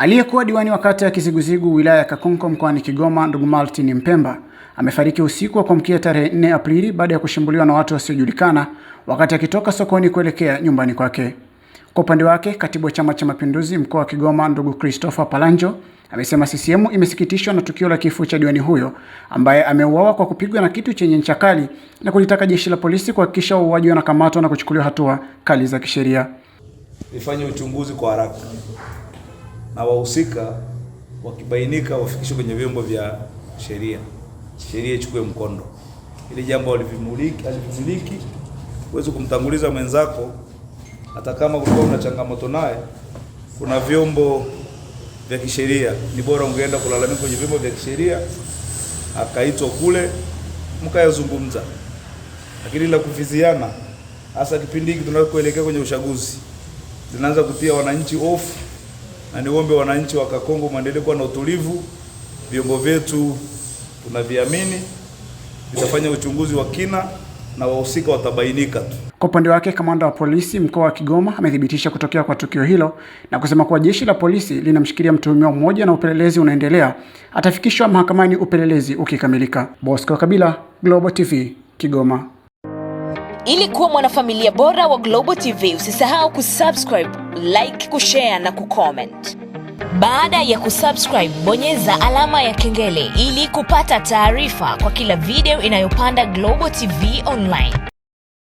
Aliyekuwa diwani wa kata ya Kiziguzigu wilaya ya Kakonko mkoani Kigoma, ndugu Martin Mpemba amefariki usiku wa kuamkia tarehe 4 Aprili baada ya kushambuliwa na watu wasiojulikana wakati akitoka sokoni kuelekea nyumbani kwake. Kwa upande wake, katibu wa Chama cha Mapinduzi mkoa wa Kigoma ndugu Christopher Palanjo amesema CCM imesikitishwa na tukio la kifo cha diwani huyo ambaye ameuawa kwa kupigwa na kitu chenye ncha kali na kulitaka jeshi la polisi kuhakikisha wauaji wanakamatwa na kuchukuliwa hatua kali za kisheria. Ifanye uchunguzi kwa haraka na wahusika wakibainika wafikishwe kwenye vyombo vya sheria, sheria ichukue mkondo. Ili jambo alivimiliki, alivimiliki uweze kumtanguliza mwenzako, hata kama kulikuwa una changamoto naye, kuna vyombo vya kisheria. Ni bora ungeenda kulalamika kwenye vyombo vya kisheria, akaitwa kule mkayazungumza, lakini la kufiziana, hasa kipindi hiki tunakoelekea kwenye uchaguzi, zinaanza kutia wananchi ofu na niombe wananchi wa Kakongo mwendelee kuwa na utulivu. Vyombo vyetu tunaviamini, vitafanya uchunguzi wa kina na wahusika watabainika tu. Kwa upande wake, kamanda wa polisi mkoa wa Kigoma amethibitisha kutokea kwa tukio hilo na kusema kuwa jeshi la polisi linamshikilia mtuhumiwa mmoja na upelelezi unaendelea, atafikishwa mahakamani upelelezi ukikamilika. Bosco Kabila, Global TV, Kigoma. Ili kuwa mwanafamilia bora wa Global TV, usisahau kusubscribe like, kushare na kucomment. Baada ya kusubscribe, bonyeza alama ya kengele ili kupata taarifa kwa kila video inayopanda Global TV Online.